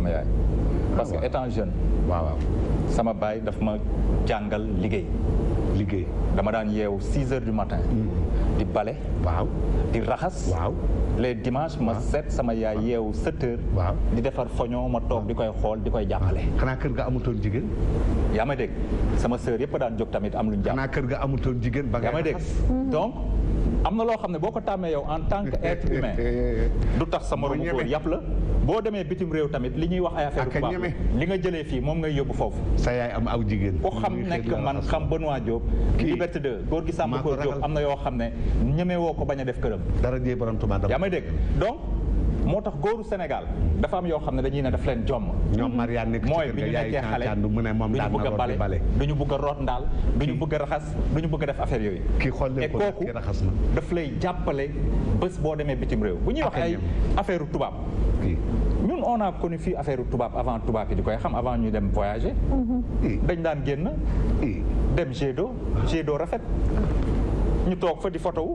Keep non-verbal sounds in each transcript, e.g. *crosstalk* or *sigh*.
sama parce que étant jeune. waaw waaw sama baay dafa ma jàngal liggéey. liggéey dama daan yeewu 6 heures du matin. Mm-hmm. bale waaw di raxas waaw les dimanches ma set sama yaay yeewu sept heures waaw di defar foño ma toog di koy xool di koy jàppale xanaa kër ga amutoon jigéen yaa ma dégg sama sœur yëpp daan jóg tamit am lu ñu jàpp xanaa kër ga amutoon jigéen ba yaa ma dégg mhm. donc am na loo xam ne boo ko tàmmee yow en tant que *laughs* être *laughs* du tax sa moromu góor yàpp la boo demee bitim réew tamit li ñuy wax ay affaire bu ah, baax li nga jëlee fii moom ngay yóbbu foofu sa yaay am aw jigéen ku xam nekk man xam Benoît Diop liberté 2 góor gi sàmm góor Diop am na ñeme woo ko bañ a def këram. dara jëye borom Touba yaa may dégg donc. moo tax góoru Sénégal dafa am yoo xam ne dañuy ne daf leen jomm. ñoom Marianne nekk ci kër ga yaay càncaandu mu ne moom daan na bale du ñu bëgg a root ndaal du ñu bëgg a raxas du ñu bëgg def affaire yooyu. kii xool ne ko kii raxas na kooku daf lay jàppale bés boo demee bitim réew. bu ñuy wax ay affaire tubaab. ñun on a connu fii affaire tubaab avant tubaab yi di koy xam avant ñu dem voyager. Mm-hmm. dañ daan génn. dem Gédo ah. Gédo rafet. ñu toog fa di photo wu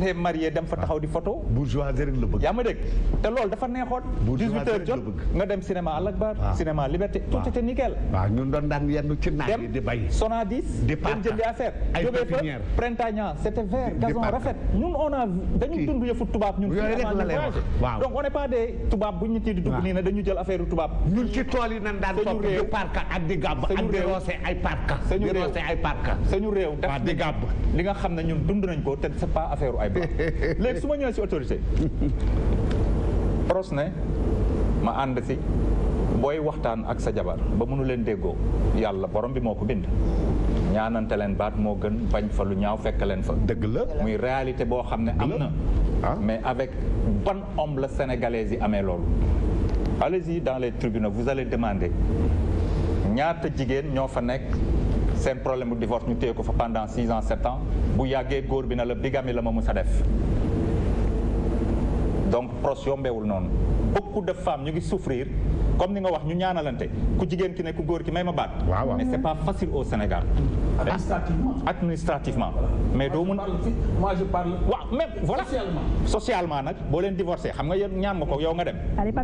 les mariés dem fa taxaw di photo bourgeoisie la bëgg yaa ma dégg te loolu dafa neexoon 18 heures nga dem cinéma Al Akbar ah. cinéma Liberté tout ah. était nickel waaw ah, ñun doon yenn ci naaj yi di bay Sonadis dem jëndi affaire jógee fa Printagna c'était vert gazon rafet ñun on a dañu dund yëfu tubaab ñun waaw donc on n'est bu ñu tii di dugg nii ne dañu jël affaire yu tubaab ñun ci tool yi nan daan di parka ak di gàbb ak di roose ay parka di réew def di gàbb li nga xam ne ñun dund nañ ko te c'est pas affaire ay *laughs* léegi su ma ñëwee si autorité pros ne ma ànd si booy waxtaan ak sa jabar ba mënu leen déggoo yàlla borom bi moo ko bind ñaananta leen baat moo gën bañ fa lu ñaaw fekk leen fa dëgg la muy réalité boo xam ne am na ah. mais avec ban homme la sénégalais yi amee loolu allez dans les tribunaux vous allez demander ñaata jigéen ñoo fa nekk seen problème bu divorce ñu téye ko fa pendant six ans sept ans bu yàggee góor bi na la bigamie la ma mës a def donc proche yombeewul noonu beaucoup de femmes ñu ngi souffrir comme ni nga wax ñu ñaanalante ku jigéen ki ne ku góor ki may ma baat. waaw mais c'est pas facile au Sénégal. administrativement mais doo mun moi je parle waaw même socialement nag boo leen divorcé xam nga yéen ñaan nga ko yow nga dem.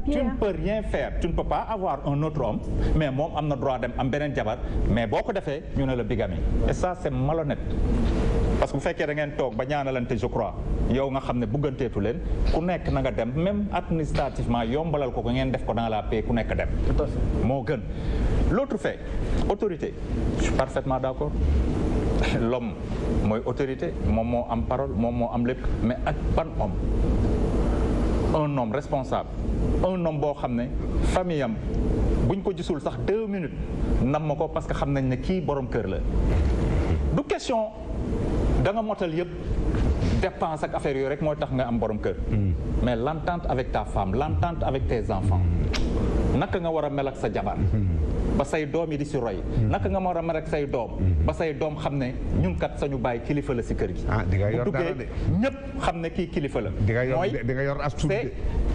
tu ne peux rien faire tu ne peux pas avoir un autre homme mais moom am na droit dem am beneen jabar mais boo ko defee ñu ne la bigamie et ça c'est malhonnête. parce que bu fekkee da ngeen toog ba ñaanalante je crois yow nga xam ne bugganteetu leen ku nekk nanga dem même administrativement yombalal ko ko ngeen def ko dans la paix ku nekk dem. tout à fait moo gën. l'autre fait autorité je suis parfaitement d'accord. l'homme mooy autorité moom moo am parole moom moo am lépp mais ak ban homme un homme responsable un homme boo xam ne famille am buñ ko gisul sax deux minutes nam ma ko parce que xam nañ ne kii borom kër la da nga motal yëpp dépense ak affaire yooyu rek mooy tax nga am borom kër. Mm. mais l'entente avec ta femme l'entente avec tes enfants. Mm. naka nga war a mel ak sa jabar. Mm-hmm. ba say doom yi di si roy. Mm-hmm. naka nga war a mel ak say doom. Mm-hmm. ba say doom xam ne ñun kat sañu bàyyi kilifa la si kër gi. ah di nga yor dara de ñëpp xam ne kii kilifa la. di nga yor di nga yor as tuut de mooy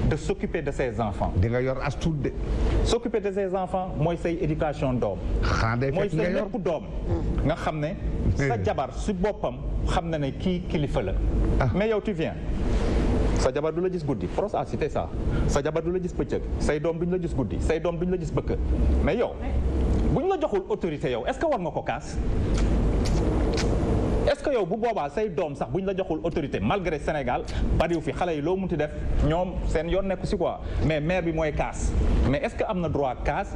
de s'occuper de ses enfants. di nga yor as tuut de. s'occuper de ses enfants mooy say éducation doom. xaaral mooy say lépp doom. Mm. nga xam ne eh. jabar si boppam. xam na ne kii kilifa la. Ah. mais yow tu viens. sa jabar du la gis guddi Pros a cité ça sa jabar du la gis bëccëg say doom ñu la gis guddi say doom duñ la gis bëkk mais yow ñu la joxul autorité yow est-ce que war nga ko kaas. est-ce que yow bu boobaa say doom sax buñ la joxul autorité malgré Sénégal bariw fi xale yi loo mun munti def ñoom seen yoon nekku si quoi mais maire bi mooy kaas mais est-ce que am na droit kaas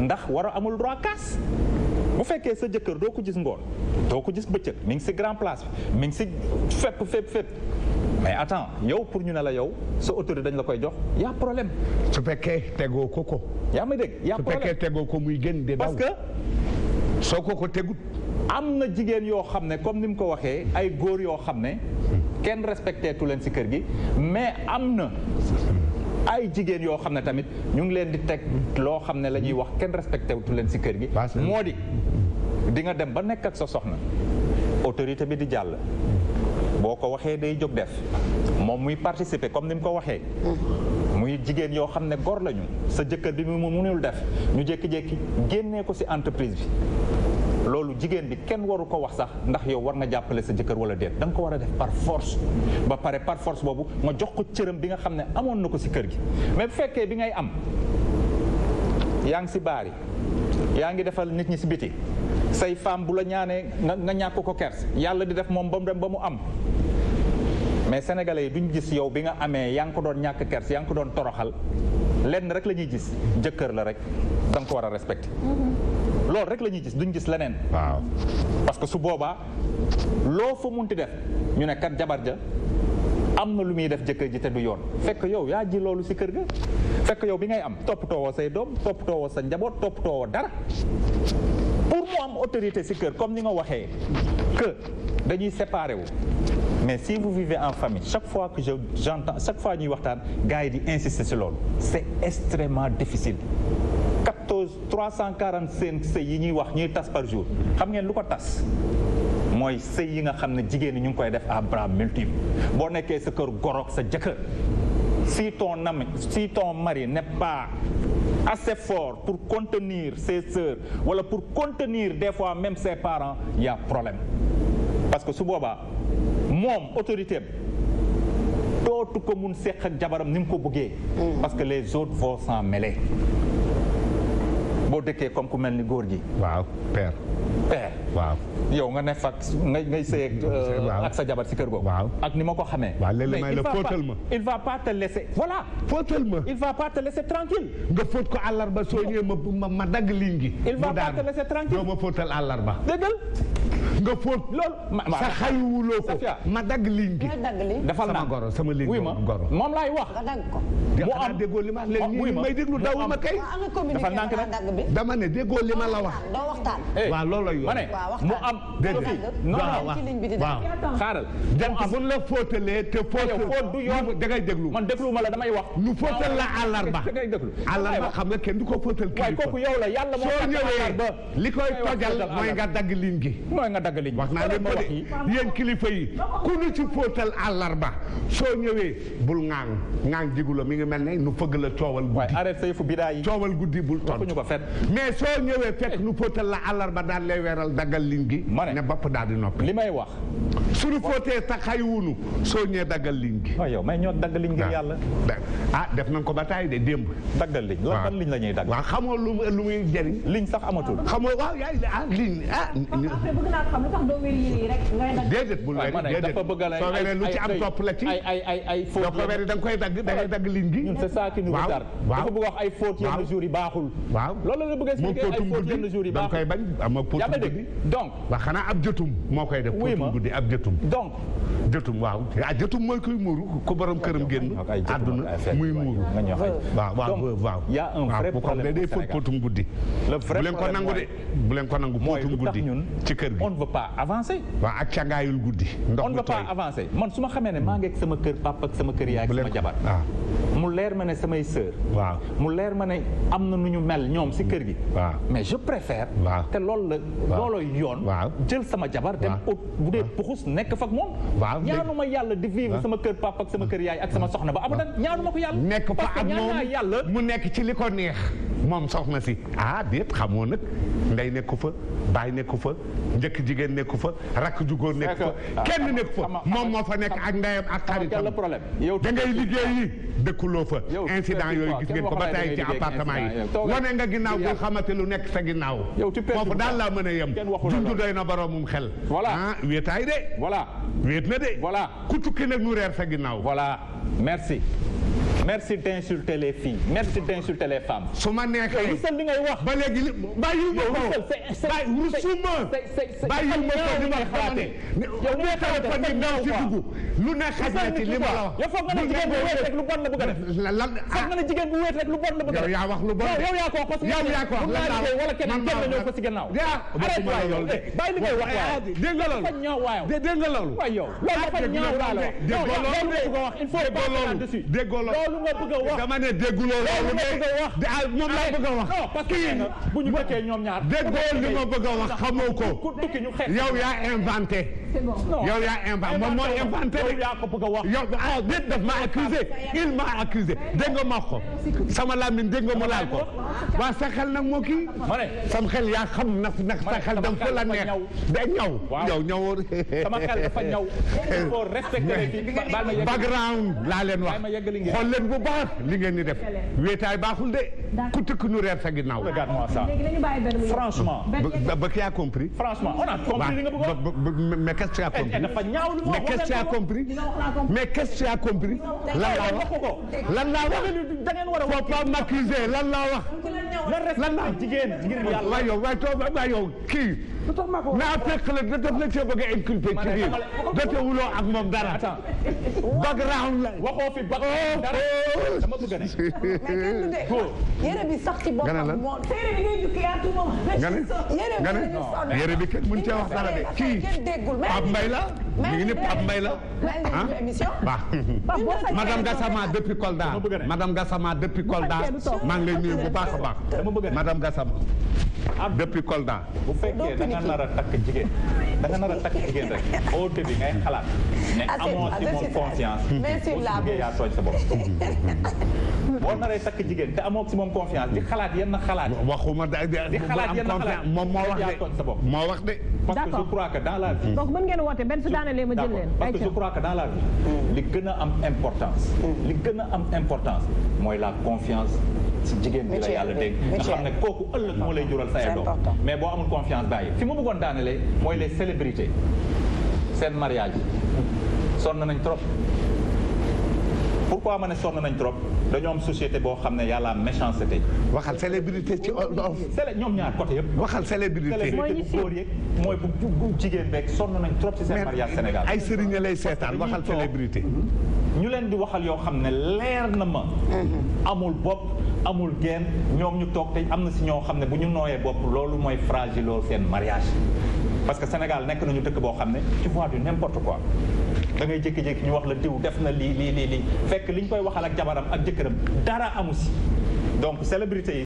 ndax war a amul droit bu fekkee sa jëkkër doo ko gis ngoon doo ko gis bëccëg mi ngi ci grand place bi mi ngi ci fépp fépp fépp mais attends yow pour ñu ne la yow sa autorité dañ la koy jox y' problème. su fekkee tegoo ko ko. yaa may dégg y' a problème su fekkee ko muy gën di daw parce que. soo ko ko tegut. am na jigéen yoo xam ne comme ni mu ko waxee ay góor yoo xam ne kenn respecté tu leen si kër gi mais am na. ay jigéen yoo xam ne tamit ñu ngi leen di teg loo xam ne la ñuy wax kenn respecté wutu leen si kër gi moo di di nga dem ba nekk ak sa soxna autorité bi di jàll boo ko waxee day jóg def moom muy participer comme ni mu ko waxee mm-hmm. muy jigéen yoo xam ne gor lañu sa jëkkër bi mu munul def ñu jékki-jékki génnee ko si entreprise bi jigéen bi kenn waru ko wax sax ndax yow war nga jàppale sa jëkkër wala dee da ko war a def par force ba pare par force boobu nga jox ko cëram bi nga xam ne amoon na ko si kër gi mais bu fekkee bi ngay am yaa ngi si baar yi yaa ngi defal nit ñi si biti say femme bu la ñaanee nga ñàkk ko kers yàlla di def moom ba mu dem ba mu am mais sénégalais du duñ gis yow bi nga amee yaa ngi ko doon ñàkk kers yaa ngi ko doon toroxal lenn rek la ñuy gis jëkkër la rek da ko war a respecté mm-hmm. loolu rek la ñuy gis duñ gis leneen waaw parce que su boobaa loo fa munti def ñu ne kat jabar ja am na lu muy def jëkkër ji te du yoon fekk yow yaa ji loolu si kër ga fekk yow bi ngay am toppatoo woo say doom toppatoo woo sa njaboot toppatoo woo dara pour mu am autorité si kër comme ni nga waxee que dañuy séparé wu mais si vous vivez en famille chaque fois que je j'entends chaque fois ñuy waxtaan gars yi di insister ci loolu c'est extrêmement difficile 14 345 sëy yi ñuy wax ñuy tas par jour xam ngeen lu ko tas mooy sëy yi nga xam ne jigéen ñi ñu ngi koy def à bras multiple boo nekkee sa kër goroog sa jëkkër si ton nam si ton mari n'est pas assez fort pour contenir ses sœurs wala pour contenir des fois même ses parents il problème parce que su boobaa moom autorité am dootu ko mun seq ak jabaram ni mu ko bëggee. Mm. parce que les autres vont s'en mêler. boo dëkkee comme ku mel ni góor gi. waaw père. père waaw. yow nga ne fak ngay ngay sëy euh, ak sa jabar si kër googu. ak ni ma ko xamee. waaw léeg-léeg may la fóotal ma il va pas te laisser. voilà fóotal ma. il va pas te laisser tranquille nga fóot ko àllarba soo ñëwee ma ma dagg ligne gi. il va pas te laisser tranquille doo ma fóotal àllarba. dëggal. nga fóot. loolu sa xayuwuloo ko. ma dagg ligne bi. dafa sama goro sama ligne goro. moom laay wax. mu am déggoo li ma léegi nii may déglu daw ma kay. dafa ndànk nag dama ne déggoo li ma la wax. doo waxtaan. waaw loolu la yow. ma ne mu am. déedéet waaw waaw xaaral. jant bu ñu la fóotalee te fóot du yoon dangay déglu. man déglu ma la damay wax. ñu fóotal la àllarba. dangay déglu àllarba xam nga kenn du ko fóotal kii. waaye kooku yow la yàlla moo tax àllarba soo ñëwee li koy tojal mooy nga dagg ligne gi dagg liñ wax naa leen ma wax yi yéen kilifa yi ku nu ci fóotal àllarba soo ñëwee bul ngaan ŋaang jigu la mi ngi mel ne nu fëgg la coowal guddi arrêté sa yëfu bidaa yi guddi bul tontu ko fet mais soo ñëwee fekk nu fóotal la àllarba daal lay weeral daggal liñ gi ma ne bopp daal di noppi li may wax suñu fóotee ta xay wunu soo ñëwee daggal liñ gi waaw yow may ñoo daggal yàlla ah def nañ ko ba taay de démb daggal liñ lan liñ la ñuy dagg waaw xamoo lu lu muy jëriñ liñ sax amatul xamoo waaw yaay ah liñ ah xam lu tax doo wér yi nii rek. ngay dagg déedéet bul wér déedéet soo wéree lu ci am topp la ci. ay ay ay ay faute la da nga koy dagg da ngay dagg ligne gi. ñun c'est ça qui nous retarde. waaw waaw dafa bëgg wax ay faute yenn jours yi baaxul. waaw loolu la bëgg expliquer ay faute yenn jours yi baaxul. da nga koy bañ am ak potum guddi. donc. waaw xanaa ab jotum moo koy def. potum guddi ab jotum. donc jotum waaw ah mooy kuy muuru ku borom këram génn àdduna muy muuru waaw waaw waaw waaw bu ko day fóot póotum guddi bu leen ko nangu de bu leen ko nangu póotum guddi ci kër gi on ne veut pas avancer guddi man su ma xamee ne maa ngi ak sama kër papa ak sama kër yaay ak sama jabar mu leer ma ne samay sœur waaw mu leer ma ne am na nu ñu mel ñoom si kër gi waaw mais je préfère te loolu la loolooy yoon jël sama jabar dem ut bu dee puxus nekk fak moom ñaanuma yàlla di vivre sama kër papa ak sama kër yaay ak sama soxna ba abadan ñaanuma ko yàlla nekk fa ak moom mu nekk ci li ko neex moom soxna si aa ah déet xamoo nag ndey nekku fa baay nekku fa njëkk jigéen nekku fa rakk ju góor nekku fa ah, kenn nekku fa moom moo fa nekk ak ndeyam ak xaritam da ngay liggéey yi dëkkuloo fa incident yooyu gis ngeen ko ba tey ci appartement yi wane na ginnaaw bul xamante lu nekk sa ginnaaw foofu daal laa mën a yem junju doy na boroomum xel ah wéetaay de wéet na de ku tukki nag nu reer sa ginnaaw voilà merci merci d'insulter les filles merci d'insulter les femmes. su ma neexee rusal li ngay wax. ba léegi li bàyyi ma ko rusuma bàyyi ma ko ni ma xalaatee. yow ni nga xamante ne lu ne xaj ci li ma la wax. yow foog nga ne jigéen bu wéet rek lu bon la bëgg a def. lan ah foog nga ne jigéen bu wéet rek lu bon la bëgg a def. yow yaa wax lu bon yow yaa ko wax parce que yow yaa ko wax lan laa wala kenn kenn ñëw ko ci gannaaw. arrête waay yow eh, bàyyi li ngay wax waaw dégg nga loolu. dégg nga loolu. waay yow loolu dafa ñaaw laa la wax. déggoo loolu déggoo loolu loolu nga bëgg a wax dama ne dégguloo loolu de ah, moom laa a wax. non parce que bu ñu dëkkee ñoom ñaar. déggoo li ma bëgg a wax xamoo ko. tukki ñu xeex yow yaa inventé. yow yaa inventé moom moo inventé rek. yow yaa ko bëgg a wax. yow ah m'a accusé dégg nga ma laal ko waa sa xel nag moo kii. sam xel yaa xam nag nag sa xel dem fa a neex de ñaw. yow ñawoo sama xel dafa ñaw. *laughs* background laa leen wax xool leen leen bu baax li ngeen di def wéetaay baaxul de ku tëkk nu reer sa ginnaaw franchement ba ki a compris franchement on a compris li nga bëggoon mais qu'est-ce que tu as compris mais qu'est-ce que tu as compris mais qu'est-ce que tu as compris lan laa wax lan laa wax faut pas m'accuser lan laa wax lan la jigéen ngir yàlla waay yow waay too waay yow kii naa fekk la da def la cee bëgg a inculpé ci biir dafa wuloo ak moom dara background la waxoo fi background oh, dara oh. dama bëgg ne yére bi sax ci boppam moom yére bi ngay jukki à tout moment nga ne yére bi kenn mën cee wax dara de kii Pape Mbaye la mi ngi ni Pape Mbaye la ah waaw madame Gassama depuis Kolda madame Gassama depuis Kolda maa ngi lay nuyu bu baax a baax dama bëgg madame Gassama. Ah. depuis Kolda. bu fekkee da nga nar a takk jigéen da nga nar a takk jigéen rek au début ngay xalaat. ne amoo si moom confiance. merci la bu yaa tooñ sa bopp. boo naree takk jigéen te amoo si moom confiance di xalaat yenn xalaat. waxuma da di xalaat yenn xalaat moom moo wax de tooñ sa bopp moo wax de. parce que je crois que dans la vie. donc mën ngeen woote benn su daanelee ma jël leen. parce que je crois que dans la vie. li gën a am importance. li gën a am importance mooy la confiance. si jigéen bi la yàlla dégg nga xam ne kooku ëllëg moo lay jural say doom mais boo amul confiance bàyyi fi ma bëggoon daanale mooy les célébrités seen mariage sonn nañ trop pourquoi ma ne sonn nañ trop dañoo am société boo xam ne yàlla méchanceté waxal célébrité ci célé ñoom ñaar côté yëpp waxal célébrité bu góor yeeg mooy bu jigéen beeg sonn nañ trop ci seen mariage Sénégal ay sëriñ lay seetaan waxal célébrité mhm. ñu leen di waxal yoo xam ne leer na ma mhm. amul bopp amul geen ñoom ñu toog te am na si ñoo xam ne bu ñu nooyee bopp loolu mooy fragile seen mariage parce que Sénégal nekk nañu dëkk boo xam ne tu vois du n'importe quoi da ngay jékki-jékki ñu wax la diw def na lii lii lii lii fekk li ñu koy waxal ak jabaram ak jëkkëram dara amu si donc célébrité yi